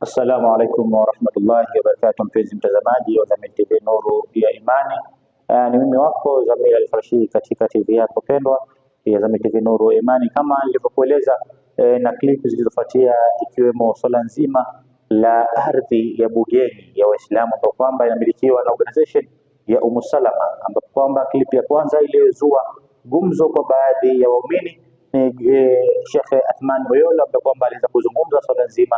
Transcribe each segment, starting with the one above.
Assalamu alaikum warahmatullahi wabarakatu, mpenzi mtazamaji wa Zamyl TV nuru ya imani. Uh, ni mimi wako Zamyl Alfarshi katika TV yako pendwa ya Zamyl TV nuru ya imani, kama nilivyokueleza eh, na clip zilizofuatia ikiwemo swala nzima la ardhi ya Bugeni ya Waislamu ambao kwamba inamilikiwa na organization ya Umu Salama, ambapo kwamba clip ya kwanza iliyozua gumzo kwa baadhi ya waumini ni eh, Sheikh Athman Boyola ambaye kwamba aliweza kuzungumza swala nzima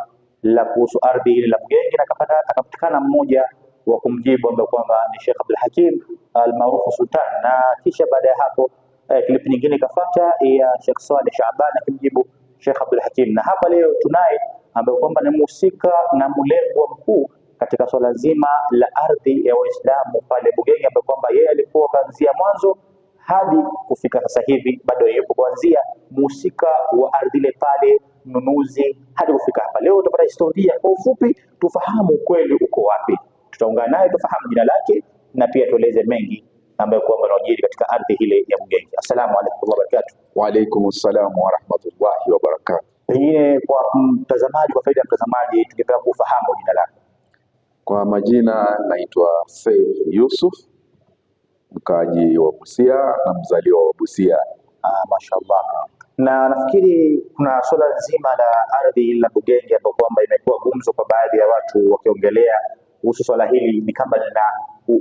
la kuhusu ardhi ile la Bugenge, na akapatikana mmoja wa kumjibu ambaye kwamba ni Sheikh Abdul Hakim almaarufu Sultan, na kisha baada ya hapo eh, clip nyingine ikafuata ya Sheikh Saleh Shaaban akimjibu Sheikh Abdul Hakim, na hapa leo tunaye ambaye kwamba ni mhusika na mlengwa mkuu katika swala zima la ardhi ya Waislamu pale Bugenge, ambaye kwamba yeye alikuwa kuanzia mwanzo hadi kufika sasa hivi bado yupo kuanzia mhusika wa ardhi ile pale mnunuzi hadi kufika hapa. Leo utapata historia kwa ufupi, tufahamu ukweli uko wapi. Tutaungana naye tufahamu jina lake na pia tueleze mengi ambayo kwamba yanajiri katika ardhi ile ya Bugenge. Asalamu alaykum wa barakatuh. Wa alaykum assalam wa rahmatullahi wa barakatuh. Pengine kwa mtazamaji, kwa faida ya mtazamaji, tungependa kufahamu jina lako. Kwa majina naitwa Said Yusuf, mkaaji wa Busia na mzaliwa wa Busia. Ah, mashallah na nafikiri kuna suala zima la ardhi la Bugenge ambayo kwamba imekuwa gumzo kwa baadhi ya watu wakiongelea kuhusu swala hili ni kama lina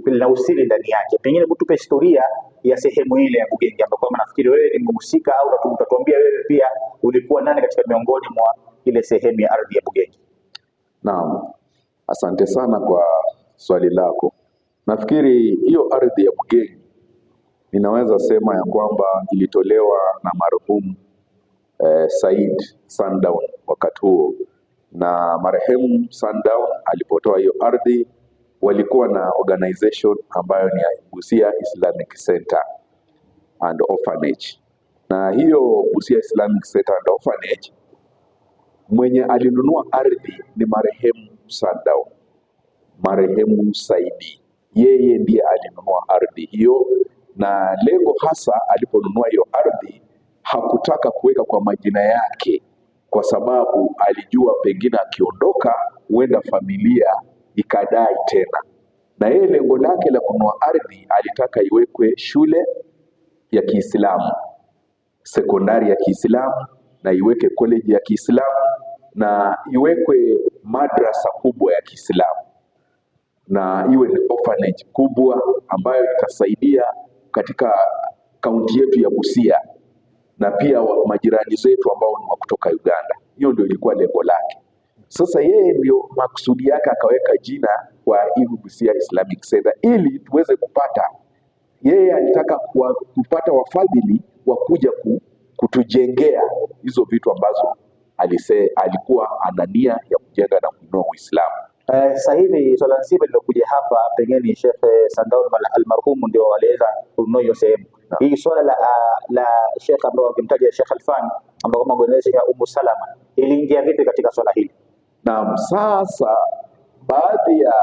lina usiri ndani yake. Pengine kutupe historia ya sehemu ile ya Bugenge ambayo kwamba nafikiri wewe ni mhusika au utatuambia wewe pia ulikuwa nani katika miongoni mwa ile sehemu ya ardhi ya Bugenge. Naam, asante sana kwa swali lako. Nafikiri hiyo ardhi ya Bugenge ninaweza sema ya kwamba ilitolewa na marhumu eh, Said Sundown wakati huo, na marehemu Sundown alipotoa hiyo ardhi walikuwa na organization ambayo ni Busia Islamic Center and Orphanage, na hiyo Busia Islamic Center and Orphanage mwenye alinunua ardhi ni marehemu Sundown, marehemu Saidi, yeye ndiye alinunua ardhi hiyo, na lengo hasa aliponunua hiyo ardhi hakutaka kuweka kwa majina yake kwa sababu alijua pengine akiondoka huenda familia ikadai tena, na yeye lengo lake la kununua ardhi alitaka iwekwe shule ya Kiislamu, sekondari ya Kiislamu, na iweke koleji ya Kiislamu, na iwekwe madrasa kubwa ya Kiislamu, na iwe ni orphanage kubwa ambayo itasaidia katika kaunti yetu ya Busia na pia majirani zetu ambao ni wa kutoka Uganda. Hiyo ndio ilikuwa lengo lake. Sasa yeye ndio makusudi yake akaweka jina kwa Ibu Busia Islamic Center ili tuweze kupata, yeye alitaka kupata wafadhili wa kuja ku, kutujengea hizo vitu ambazo alise, alikuwa ana nia ya kujenga na kuinua Uislamu. Eh, sasa hivi swala nzima lilokuja hapa pengine Sheikh eh, Sandaun almarhumu ndio aliweza kununua hiyo sehemu hii swala la, ah, la Sheikh ambao wakimtaja Sheikh Alfani ambao kama mwenezi ya Umu Salama iliingia vipi katika swala hili? Naam, sasa baadhi ya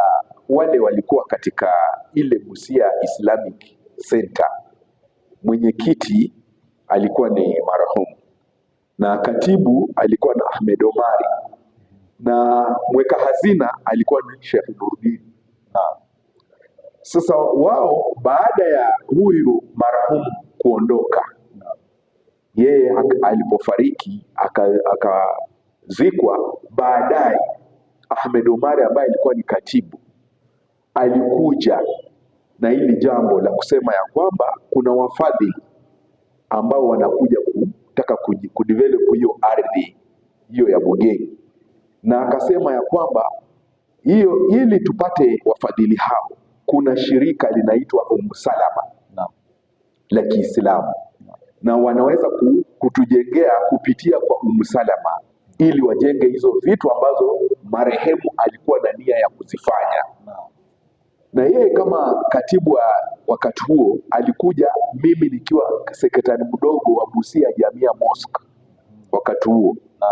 wale walikuwa katika ile Busia Islamic Center, mwenyekiti alikuwa ni marhumu na katibu alikuwa na Ahmed Omari na mweka hazina alikuwa ni Sheikh Nurdin. Naam. Sasa wao baada ya huyu marhumu kuondoka, yeye alipofariki akazikwa, aka baadaye Ahmed Omar ambaye alikuwa ni katibu alikuja na hili jambo la kusema ya kwamba kuna wafadhili ambao wanakuja kutaka kudevelop hiyo ardhi hiyo ya Bugeni, na akasema ya kwamba hiyo ili tupate wafadhili hao kuna shirika linaitwa umsalama Salama la Kiislamu na wanaweza kutujengea kupitia kwa umsalama Salama ili wajenge hizo vitu ambazo marehemu alikuwa na nia ya kuzifanya na yeye kama katibu wa wakati huo alikuja, mimi nikiwa sekretari mdogo wa Busia Jamia Mosque wakati huo na,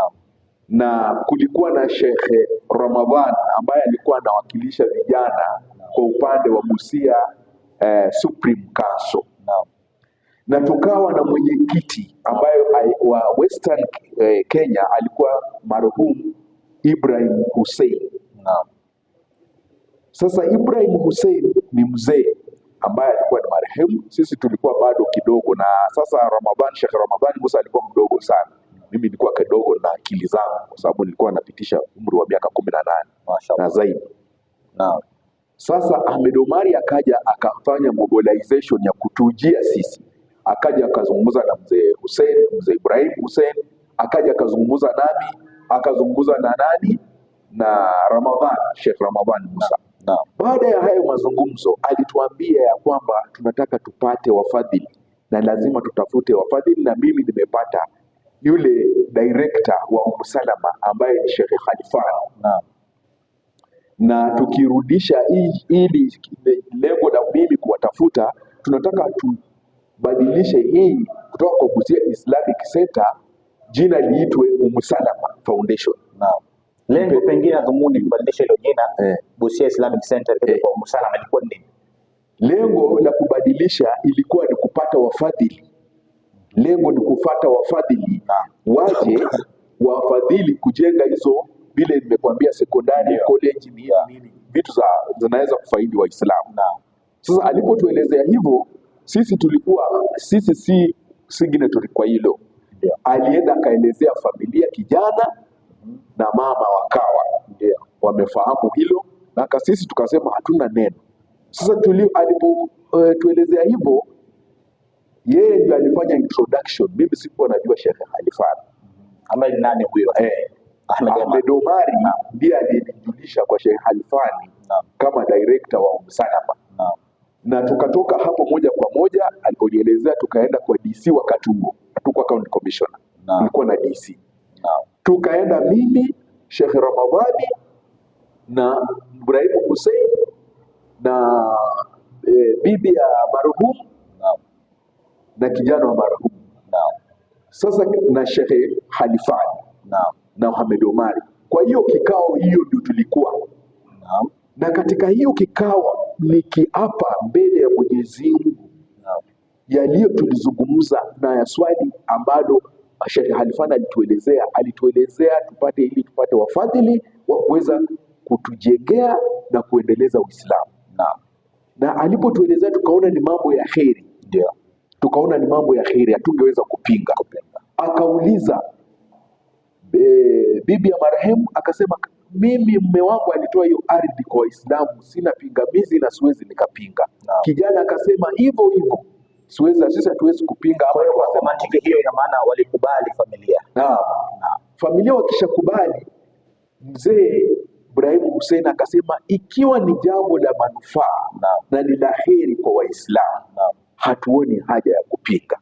na kulikuwa na shekhe Ramadhan ambaye alikuwa anawakilisha vijana kwa upande wa Busia eh, Supreme Council na tukawa na mwenyekiti ambayo wa Western eh, Kenya alikuwa marhumu Ibrahim Hussein. na, Sasa Ibrahim Hussein ni mzee ambaye alikuwa ni marehemu, sisi tulikuwa bado kidogo, na sasa Ramadhan, Sheikh ramadhani Musa alikuwa mdogo sana, mimi nilikuwa kidogo na akili zangu, kwa sababu nilikuwa napitisha umri wa miaka kumi na nane na zaidi. Naam. Sasa Ahmed Omari akaja akafanya mobilization ya kutujia sisi, akaja akazungumza na mzee Hussein, mzee Ibrahim Hussein, akaja akazungumza nami, akazungumza na nani na Ramadhan, Sheikh Ramadhan Musa. Baada ya hayo mazungumzo, alituambia ya kwamba tunataka tupate wafadhili na lazima tutafute wafadhili, na mimi nimepata yule director wa umusalama ambaye ni Sheikh Khalifa. Naam na tukirudisha ili lengo la mimi kuwatafuta, tunataka tubadilishe hii kutoka kwa Busia Islamic Center jina liitwe Umusalama Foundation. Naam. Lengo pengine dhumuni kubadilisha hilo jina eh, Busia Islamic Center eh, kwa Umusalama ilikuwa nini? Lengo la kubadilisha ilikuwa ni kupata wafadhili. Lengo ni kufata wafadhili waje wafadhili kujenga hizo vile nimekuambia sekondari, college ni nini, vitu za zinaweza kufaidi Waislamu. Sasa alipotuelezea hivyo, sisi tulikuwa sisi si signatory kwa hilo yeah. Alienda akaelezea familia kijana mm-hmm. na mama wakawa yeah. Wamefahamu hilo na sisi tukasema hatuna neno. Sasa alipotuelezea eh, uh, hivyo yeye ndio alifanya introduction. Mimi sikuwa najua shehe alifanya. Ambaye nani huyo? Eh. Ahmed Omari ndiye aliyenijulisha kwa Sheikh Halfani kama director wa Umsalama na tukatoka hapo moja kwa moja aliponielezea, tukaenda kwa DC wa huo, hatukuwa county commissioner, nilikuwa na DC. Tukaenda mimi, Sheikh Ramadhani na Ibrahim Hussein na e, bibi ya marhumu na kijana wa marhumu sasa na Sheikh Halifani na Mohamed Omari. Kwa hiyo kikao hiyo ndio tulikuwa na, na katika hiyo kikao nikiapa mbele ya Mwenyezi Mungu yaliyo tulizungumza na ya swali ambalo Sheikh Halfan alituelezea, alituelezea tupate ili tupate wafadhili wa kuweza kutujengea na kuendeleza Uislamu na, na alipotuelezea tukaona ni mambo ya kheri, ndio tukaona ni mambo ya kheri, hatungeweza kupinga. Akauliza e, bibi ya marehemu akasema, mimi mume wangu alitoa hiyo ardhi kwa Waislamu, sina pingamizi na siwezi nikapinga. No. Kijana akasema hivyo hivyo siwezi, sisi hatuwezi kupinga. Kwa mantiki hiyo, ina maana walikubali familia. Naam, familia wakishakubali, mzee Ibrahimu Hussein akasema ikiwa ni jambo la manufaa na, na ni la heri kwa Waislamu, hatuoni haja ya kupinga,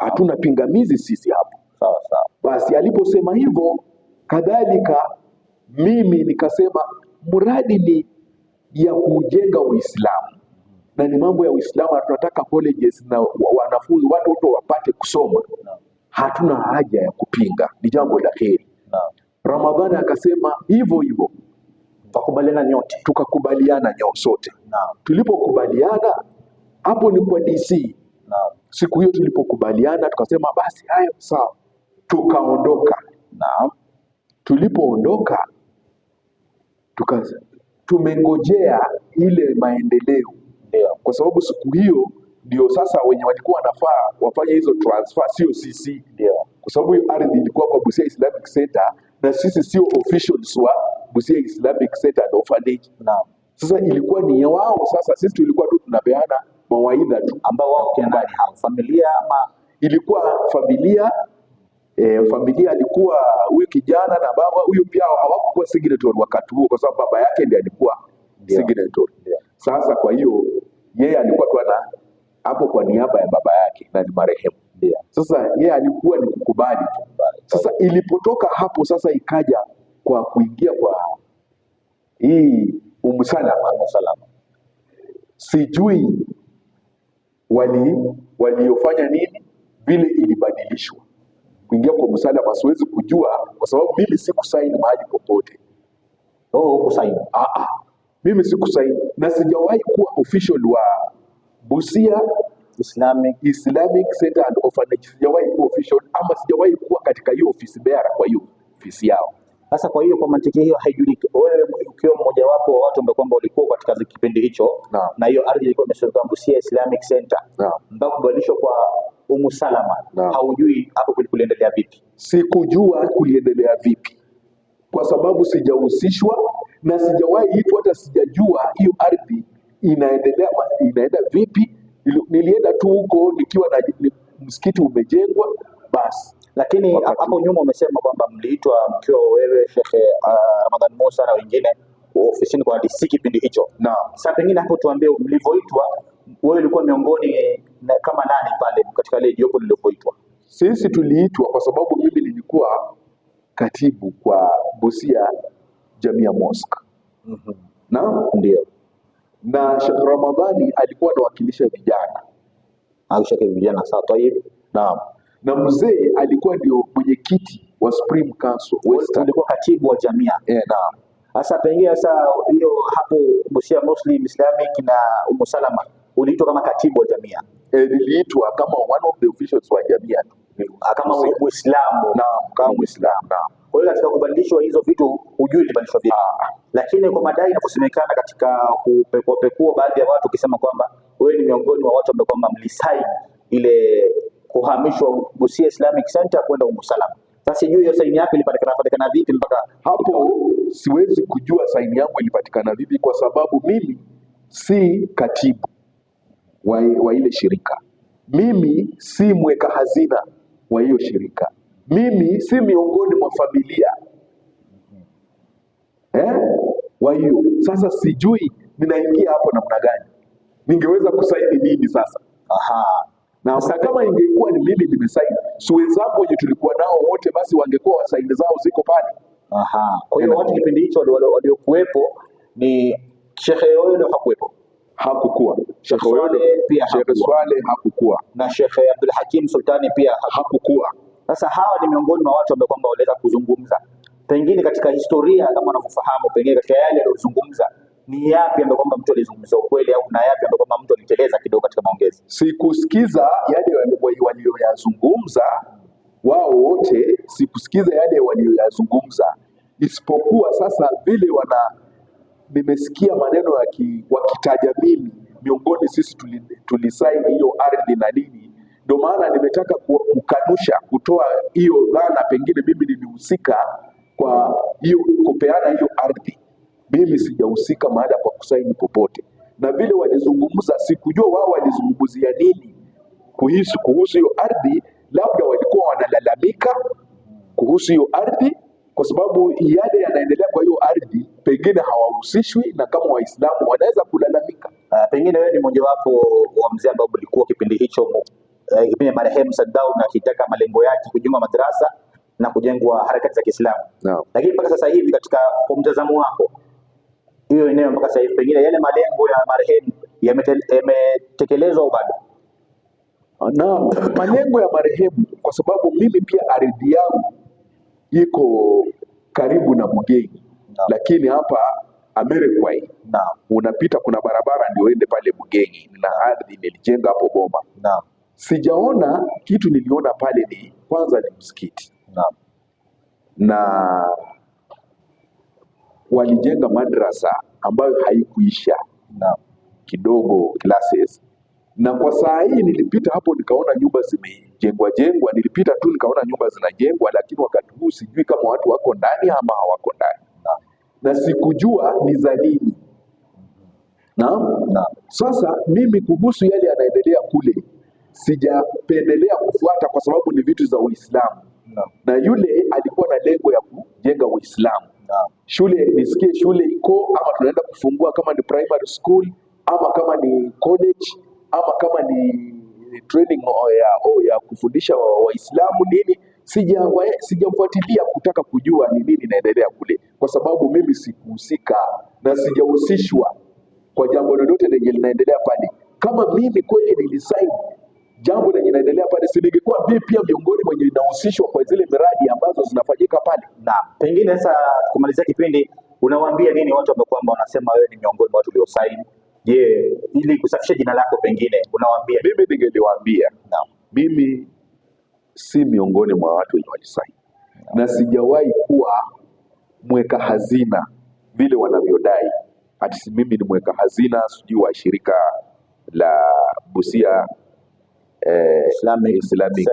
hatuna pingamizi sisi hapo sawa sawa. Basi aliposema hivyo, kadhalika mimi nikasema mradi ni ya kujenga Uislamu na ni mambo ya Uislamu, na tunataka colleges na wanafunzi watu wote wapate kusoma, hatuna haja ya kupinga, ni jambo la heri. Ramadhani akasema hivyo hivyo, tukakubaliana nyote, tukakubaliana nyao sote. Tulipokubaliana hapo ni kwa DC. Siku hiyo tulipokubaliana, tukasema basi hayo sawa tukaondoka. Naam, tulipoondoka tuka tumengojea ile maendeleo yeah. Kwa sababu siku hiyo ndio sasa wenye walikuwa wanafaa wafanye hizo transfer sio sisi yeah. Kwa sababu hiyo ardhi ilikuwa kwa Busia Islamic Center na sisi sio officials wa Busia Islamic Center na orphanage naam. Sasa ilikuwa ni wao, sasa sisi tulikuwa tu tunapeana mawaidha tu, ambao wao kina familia ama ilikuwa familia e, familia alikuwa huyu kijana na baba huyu pia hawakuwa signatory wakati huo, kwa sababu baba yake ndiye alikuwa yeah. signatory yeah. Sasa kwa hiyo yeye alikuwa tu ana hapo kwa niaba ya baba yake na ni marehemu yeah. Sasa yeye alikuwa ni kukubali tu. Sasa ilipotoka hapo sasa ikaja kwa kuingia kwa hii umsalama Salama, sijui wali waliofanya nini, vile ilibadilishwa kuingia kwa msalaba, siwezi kujua kwa sababu mimi sikusaini mahali popote. Oh, kusaini. Ah, ah. Mimi sikusaini na sijawahi kuwa official wa Busia Islamic, Islamic Center and Orphanage. Sijawahi kuwa official ama sijawahi kuwa katika hiyo ofisi beara, kwa hiyo ofisi yao. Sasa kwa hiyo kwa mantiki hiyo haijuliki, wewe ukiwa mmoja wapo wa watu ambao kwamba walikuwa katika kipindi hicho na hiyo ardhi ilikuwa imeshirikwa Busia Islamic Center mpaka kubadilishwa kwa Umu Salama haujui hapo kuliendelea vipi? Sikujua kuliendelea vipi, kwa sababu sijahusishwa na sijawahi itwa, hata sijajua hiyo ardhi inaendelea inaenda vipi. Nilienda tu huko nikiwa na ni- msikiti umejengwa basi. Lakini hapo nyuma umesema kwamba mliitwa mkiwa wewe shehe ah, Ramadhan Musa na wengine ofisini kwa DC kipindi hicho. Naam. Sasa pengine hapo tuambie mlivyoitwa wewe ulikuwa miongoni na, kama nani pale katika ile jopo lilipoitwa? Sisi tuliitwa kwa sababu mimi nilikuwa katibu kwa Busia Jamia Mosque. mm -hmm. na ndio na Sheikh Ramadhani alikuwa anawakilisha vijana au shekhe vijana sawa, hivi. Naam, na mzee alikuwa ndio mwenyekiti wa Supreme Council West. alikuwa katibu wa jamia eh. Naam, sasa pengine sasa hiyo hapo Busia Muslim Islamic na Umusalama. Salama uliitwa kama katibu wa jamia? E, niliitwa kama one of the officials wa jamia tu ah, kama Muislamu na kama Muislamu. Kwa hiyo katika kubadilishwa hizo vitu hujui ilibadilishwa vipi, ah. lakini kwa madai inavyosemekana katika kupekuapekua baadhi ya watu ukisema kwamba wewe ni miongoni mwa watu ambao kwamba mlisaini ile kuhamishwa Busia Islamic Center kwenda Umu Salam. Sasa sijui hiyo saini yako ilipatikana vipi? Mpaka hapo siwezi kujua saini yangu ilipatikana vipi, kwa sababu mimi si katibu wa, wa ile shirika. Mimi si mweka hazina wa hiyo shirika, mimi si miongoni mwa familia eh? wa hiyo sasa sijui ninaingia hapo namna gani, ningeweza kusaini nini sasa? Aha. Na sasa kama ingekuwa ni mimi nimesaini, si wenzangu wenye tulikuwa nao wote, basi wangekuwa wasaini zao ziko pale. Aha. Kwa hiyo watu kipindi hicho waliokuwepo ni shehe huyo hakuwepo hakukua Shekhe Oyodo pia Shekhe Swale hakukua, na Shekhe Abdul Hakim Sultani pia hakukua. Sasa hawa ni miongoni mwa watu ambao kwamba waliweza kuzungumza, pengine katika historia kama unavyofahamu pengine katika yale aliyozungumza ni yapi ambayo kwamba mtu alizungumza ukweli au na yapi ambayo kwamba mtu aliteleza kidogo katika maongezi. Sikusikiza yale waliyoyazungumza wao wote, sikusikiza yale walioyazungumza isipokuwa sasa vile wana nimesikia maneno wakitaja mimi miongoni sisi tulisaini hiyo ardhi na nini. Ndio maana nimetaka kukanusha, kutoa hiyo dhana, pengine mimi nilihusika kwa hiyo kupeana hiyo ardhi. Mimi sijahusika maada kwa kusaini popote, na vile walizungumza, sikujua wao walizungumzia nini kuhusu kuhusu hiyo ardhi, labda walikuwa wanalalamika kuhusu hiyo ardhi, kwa sababu yale yanaendelea kwa hiyo ardhi pengine hawahusishwi na kama Waislamu wanaweza kulalamika. Uh, pengine wewe ni mmojawapo wa mzee ambao ulikuwa kipindi hicho uh, kipindi marehemu na akitaka malengo yake kujenga madarasa na kujengwa harakati za Kiislamu no. Lakini mpaka sasa hivi katika kwa mtazamo wako hiyo eneo mpaka sasa hivi pengine yale malengo ya marehemu yametekelezwa bado? Ah, naam, malengo ya marehemu, kwa sababu mimi pia ardhi yangu iko karibu na Mugeni lakini hapa Amerikwai na unapita kuna barabara ndio ende pale Mgengi na ardhi nilijenga hapo boma Naam, Sijaona kitu, niliona pale ni kwanza ni msikiti na, na walijenga madrasa ambayo haikuisha na kidogo classes na kwa saa hii nilipita hapo nikaona nyumba zimejengwa jengwa, nilipita tu nikaona nyumba zinajengwa, lakini wakati huu sijui kama watu wako ndani ama hawako ndani na sikujua ni za nini. Naam, Sasa mimi kuhusu yale yanaendelea kule sijapendelea kufuata kwa sababu ni vitu za Uislamu na. Na yule alikuwa na lengo ya kujenga Uislamu Shule nisikie shule iko ama tunaenda kufungua kama ni primary school ama kama ni college ama kama ni training ya, ya kufundisha Waislamu nini Sijamfuatilia kutaka kujua ni nini inaendelea kule, kwa sababu mimi sikuhusika na sijahusishwa kwa jambo lolote lenye linaendelea pale. Kama mimi kweli nilisaini jambo lenye linaendelea pale, si ningekuwa mimi pia miongoni mwenye inahusishwa kwa zile miradi ambazo zinafanyika pale? Na Pengine sasa kumalizia kipindi, unawaambia nini watu ambao kwamba wanasema wewe ni miongoni mwa watu uliosaini? Je, ili kusafisha jina lako, pengine unawaambia? Mimi ningeliwaambia Naam. mimi si miongoni mwa watu wenye wajisahi, na sijawahi kuwa mweka hazina vile wanavyodai ati mimi ni mweka hazina sijui wa shirika la Busia eh, Islamic, Islamic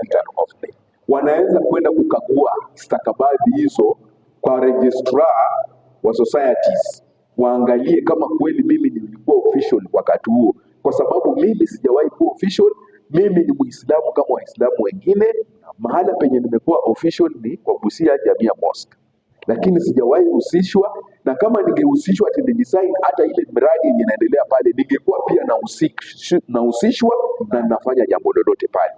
Wanaweza kwenda kukagua stakabadhi hizo kwa registrar wa societies waangalie kama kweli mimi nilikuwa official wakati huo, kwa sababu mimi sijawahi kuwa official mimi ni Muislamu kama Waislamu wengine. Mahala penye nimekuwa official ni kwa Busia Jamia Mosque, lakini sijawahi husishwa, na kama ningehusishwa ati nidesign hata ile mradi yenye inaendelea pale, ningekuwa pia nahusishwa na ninafanya jambo lolote pale.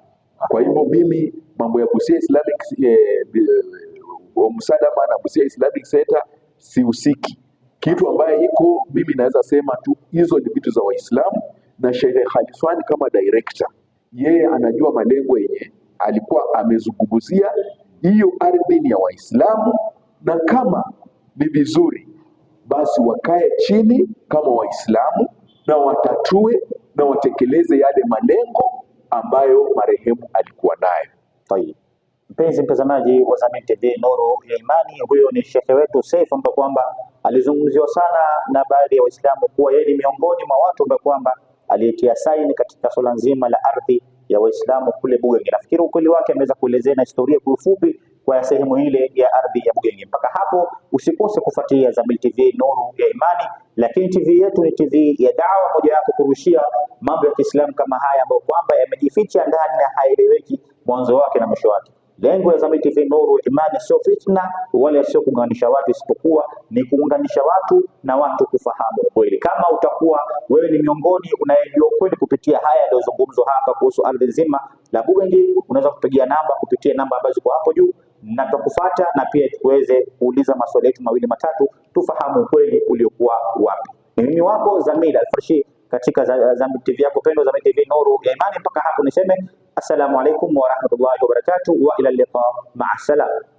Kwa hivyo mimi mambo ya Busia Islamic eh, eh msadama na Busia Islamic Center sihusiki. Kitu ambaye iko mimi naweza sema tu hizo ni vitu za Waislamu na Sheikh Khalifani kama director yeye anajua malengo yenye alikuwa amezungumzia hiyo ardhi ni ya Waislamu, na kama ni vizuri basi wakae chini kama Waislamu na watatue na watekeleze yale malengo ambayo marehemu alikuwa nayo. mpenzi mtazamaji wa Zamyl TV Nuru ya Imani, huyo ni shekhe wetu Seif ambaye kwamba alizungumziwa sana na baadhi ya Waislamu kuwa yeye ni miongoni mwa watu ambao kwamba aliyetia saini katika swala nzima la ardhi ya Waislamu kule Bugenge. Nafikiri ukweli wake ameweza kuelezea na historia kwa ufupi kwa sehemu ile ya ardhi ya Bugenge. Mpaka hapo usikose kufuatia Zamyl TV Nuru ya Imani, lakini TV yetu ni TV ya dawa, moja yako kurushia mambo ya Kiislamu kama haya ambayo kwamba yamejificha ndani na haeleweki mwanzo wake na mwisho wake. Lengo la Zamyl TV Nuru ya Imani sio fitna wala sio kuunganisha watu, isipokuwa ni kuunganisha watu na watu kufahamu ukweli. Kama utakuwa wewe ni miongoni unayejua ukweli kupitia haya yaliyozungumzwa hapa kuhusu ardhi nzima, la Bugengi, unaweza kupigia namba kupitia namba ambazo ziko hapo juu na tutakufata na pia tuweze kuuliza maswali yetu mawili matatu, tufahamu ukweli uliokuwa wapi. Ni mimi wako Zamyl Alfarshi katika Zamyl TV yako pendwa, Zamyl TV Nuru ya Imani. Mpaka hapo niseme السلام عليكم ورحمة الله وبركاته وإلى اللقاء مع السلامة